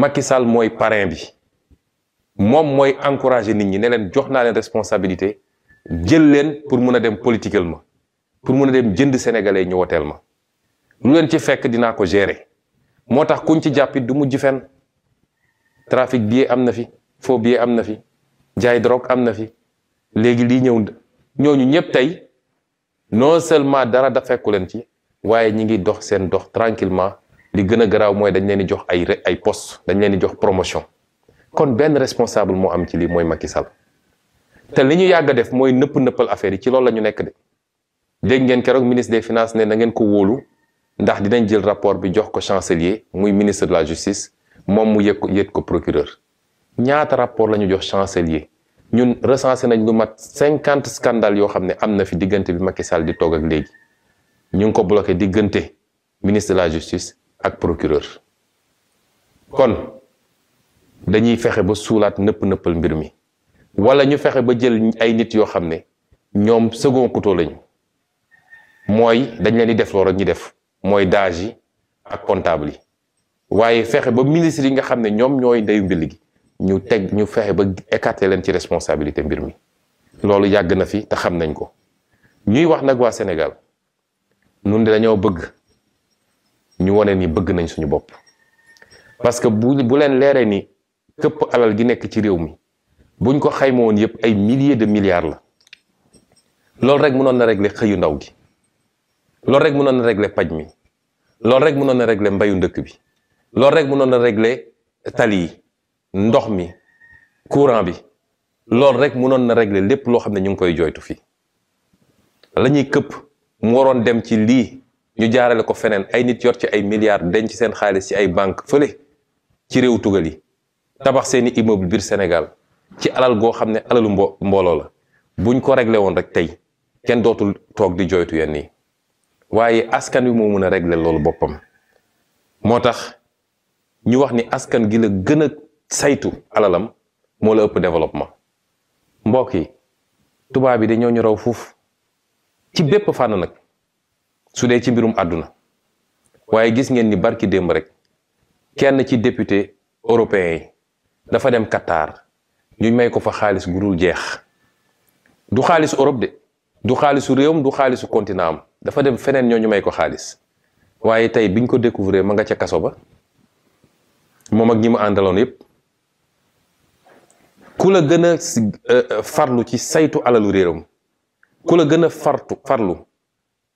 Macky Sall mooy parrain bi moom mooy encourager nit ñi ne leen jox naa leen responsabilité jël leen pour mun a dem politiquel ma pour mun a dem jënd sénégale ñu woteel ma lu leen ci fekk dinaa ko gérer moo tax kuñ ci jàppit du mujj fen trafic bi am na fi faux bi am na fi jaay drogue am na fi léegi lii ñëw ñooñu ñëpp tey non seulement dara da fekku leen ci waaye ñi ngi dox seen dox tranquillement li gën a garaaw mooy dañ leen di jox ay ay poste dañ leen di jox promotion kon benn responsable moo am ci lii mooy Macky sal te li ñu yàgg def mooy nëpp nëppal affaire yi ci loolu la ñu nekk de dégg ngeen keroog ministre des finances ne na ngeen ko wóolu ndax dinañ jël rapport bi jox ko chancelier muy ministre de la justice moom mu yëg ko yëg ko procureur ñaata rapport la ñu jox chancelier ñun recensé nañ lu mat cinquante scandale yoo xam ne am na fi diggante bi Macky Sall di toog ak léegi ñu ngi ko bloqué diggante ministre la justice. ak procureur kon dañuy fexe ba suulaat nëpp nëppal mbir mi wala ñu fexe ba jël ay nit yoo xam ne ñoom second couteau lañu mooy dañ leen di def loolu ñu def mooy daaj yi ak comptable yi waaye fexe ba ministre yi nga xam ne ñoom ñooy ndeyu mbill gi ñu teg ñu fexe ba écarter leen ci responsabilité mbir mi loolu yàgg na fi te xam nañ ko ñuy wax nag waa senegal nun de dañoo bëgg ñu wane ni bëgg nañ suñu bopp parce que bu bu leen leere ni këpp alal gi nekk ci réew mi buñ ko xayma woon yëpp ay milliers de milliards la loolu rek mënoon na régler xëyu ndaw gi loolu rek mënoon na regle paj mi loolu rek mënoon na régler mbayu ndëkk bi loolu rek mënoon na régler tali yi ndox mi courant bi loolu rek mënoon na regle lépp loo xam ne ñu ngi koy jooytu fii la ñuy këpp mu waroon dem ci lii ñu jaarale ko feneen ay nit yor ci ay milliards denc seen xaalis ci ay banque fële ci réew tugal yi tabax seeni immeuble biir Sénégal ci alal goo xam ne alalu mbo mbooloo la buñ ko réglé woon rek tey kenn dootul toog di jooytu yenn yi waaye askan wi moo mën a réglé loolu boppam moo tax ñu wax ni askan gi la gën a saytu alalam moo la ëpp développement mbokk yi tubaab yi dañoo ñu raw fuuf ci bépp fànn nag su dee ci mbirum àdduna waaye gis ngeen ni barki démb rek kenn ci député européen yi dafa dem Qatar ñu may ko fa xaalis gu dul jeex du xaalis Europe de du xaalisu réewam du xaalisu continent am dafa dem feneen ñoo ñu may ko xaalis waaye tey biñ ko découvrir ma nga ca kaso ba moom ak ñi mu àndaloon yépp ku la gën a euh, farlu ci saytu alalu réewam ku la gën a fartu farlu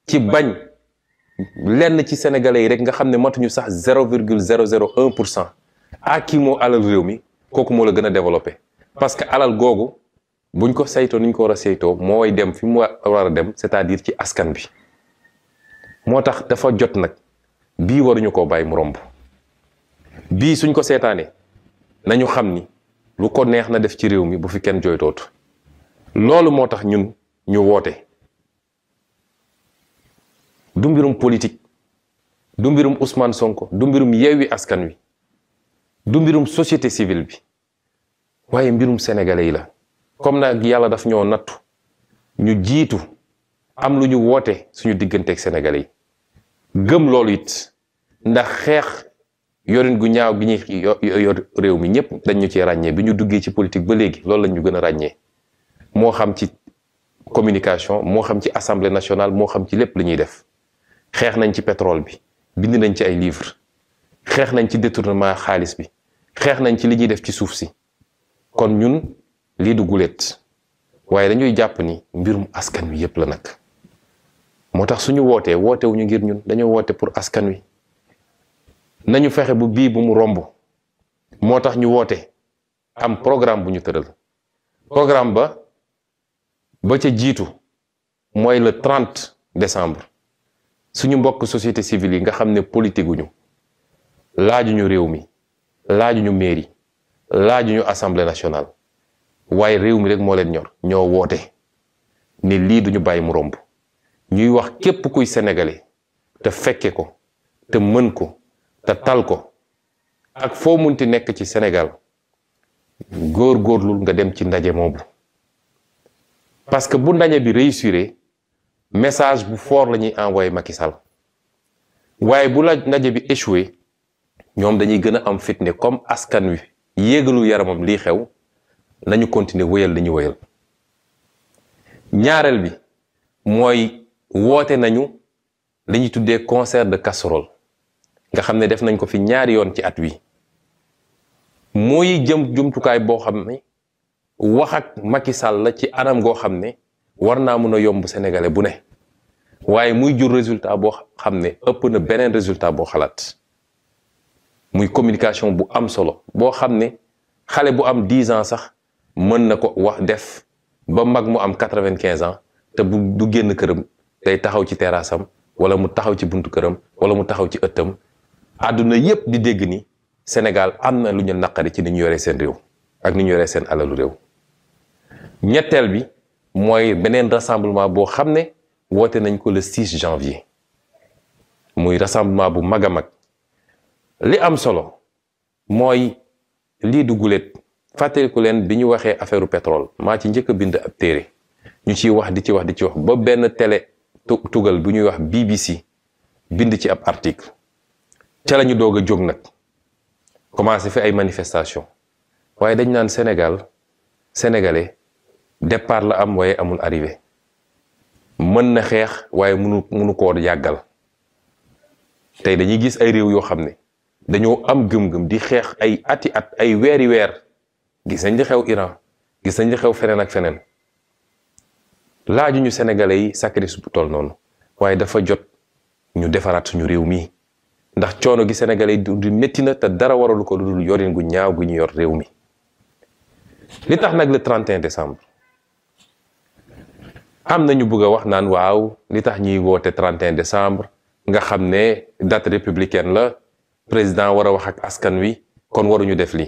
ci bañ lenn ci sénégalais yi rek nga xam ne matuñu sax zéro virgule zéro zéro pour cent à kii moo alal réew mi kooku moo la gën a développé parce que alal googu buñ ko saytoo ni ñu ko war a saytoo mooy dem fi mu war a dem cest diir ci askan bi moo tax dafa jot nag bii waruñu ko bàyyi mu romb bii suñ ko seetaanee nañu xam ni lu ko neex na def ci réew mi bu fi kenn jooytootu loolu moo tax ñun ñu woote du mbirum politique du mbirum Ousmane Sonko du mbirum Yewwi Askan Wi du mbirum société civile bi waaye mbirum sénégalais yi la comme nag yàlla dafa ñoo nattu ñu jiitu am lu ñu woote suñu digganteek sénégalais yi gëm loolu it ndax xeex yorin gu ñaaw gi ñuy yor réew mi ñëpp dañ ñu ci ràññee bi ñu duggee ci politique ba léegi loolu lañ ñu gën a ràññee moo xam ci communication moo xam ci assemblée nationale moo xam ci lépp li ñuy def xeex nañ ci petrole bi bind nañ ci ay livre xeex nañ ci détournement xaalis bi xeex nañ ci li ñuy def ci suuf si kon ñun lii du guléet waaye dañuy jàpp ni mbir mu askan wi yépp la nag moo tax suñu wootee wootewuñu ngir ñun dañoo woote pour askan wi nañu fexe bu bii bu mu romb moo tax ñu woote am programme bu ñu tëral programme ba ba ca jiitu mooy le 30 décembre suñu mbokk société civile yi nga xam ne politique guñu laajuñu réew mi laajuñu mairie laajuñu assemblée nationale waaye réew mi rek moo leen ñor ñoo woote ne lii duñu bàyyi mu romb ñuy wax képp kuy sénégalais te fekke ko te mën ko te tal ko ak foo munti nekk ci Sénégal góor góorlul nga dem ci ndaje moomu parce que bu ndaje bi réussiré message bu foor la ñuy envoyé Macky Sall waaye bu la ndaje bi échoué ñoom dañuy gën a am fitne comme askan wi yéegalu yaramam lii xew nañu continuer wéyal li ñu wéyal ñaareel bi mooy woote nañu li ñuy tuddee concert de casserole nga xam ne def nañ ko fi ñaari yoon ci at wi mooy jëm jumtukaay boo xam ne wax ak Macky la ci anam goo xam ne war naa mun a yomb sénégalais bu ne waaye muy jur résultat boo xam ne ëpp na beneen résultat boo xalaat muy communication bu am solo boo xam ne xale bu am dix ans sax mën na ko wax def ba mag mu am quatre-vingt-quinze ans te bu du génn këram day taxaw ci terrassam wala mu taxaw ci buntu këram wala mu taxaw ci ëttam àdduna yépp di dégg ni Sénégal am na lu ñu naqari ci ni ñu yoree seen réew ak ni ñu yoree seen alalu réew ñetteel bi mooy beneen rassemblement boo xam ne woote nañ ko le 6 janvier muy rassemblement bu mag a mag li am solo mooy lii du guléet fàttaliku leen bi ñu waxee affaire pétrole maa ci njëkk a bind ab téere ñu ciy wax di ci wax di ci wax ba benn télé tugal bu ñuy wax BBC bind ci ab article ca la ñu doog a jóg nag commencé fi ay manifestation waaye dañ naan Sénégal sénégalais départ la am waaye amul arriver mën na xeex waaye munu munu koo yàggal tey dañuy gis ay réew yoo xam ne dañoo am gëm-gëm di xeex ay ati at ay weeri weer gis nañ li xew Iran gis nañ li xew feneen ak feneen laaju ñu sénégalais yi sacrifice bu noonu waaye dafa jot ñu defaraat suñu réew mii ndax coono gi sénégalais yi du netti na te dara waralu ko lu dul yorin gu ñaaw gu ñu yor réew mi li tax nag le 31 décembre am na ñu bëgg a wax naan waaw li tax ñuy woote 31 décembre nga xam ne date républicaine la président war a wax ak askan wi kon waruñu def li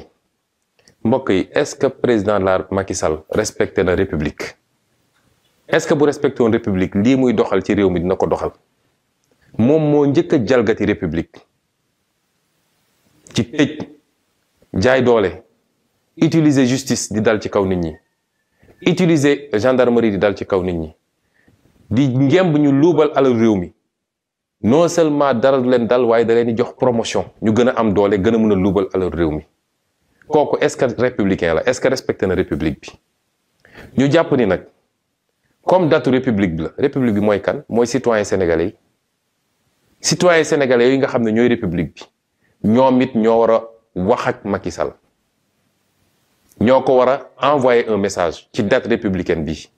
mbokk yi est-ce que président la Macky Sall respecté na république est-ce que bu respecté woon république lii muy doxal ci réew mi dina ko doxal moom moo njëkk a jalgati république ci tëj jaay doole utiliser justice di dal ci kaw nit ñi. utiliser gendarmerie di dal ci kaw nit ñi di ngemb ñu luubal alal réew mi non seulement dara leen dal waaye da leen di jox promotion ñu gën a am doole gën a mën a luubal alal réew mi kooku est-ce que républicain la est-ce que respecté na république bi ñu jàpp ni nag comme datu république bi la république bi mooy kan mooy citoyen sénégalais yi citoyen sénégalais yi nga xam ne ñooy république bi ñoom it ñoo war a wax ak Macky ñoo ko war a envoyer un message ci date républicaine bi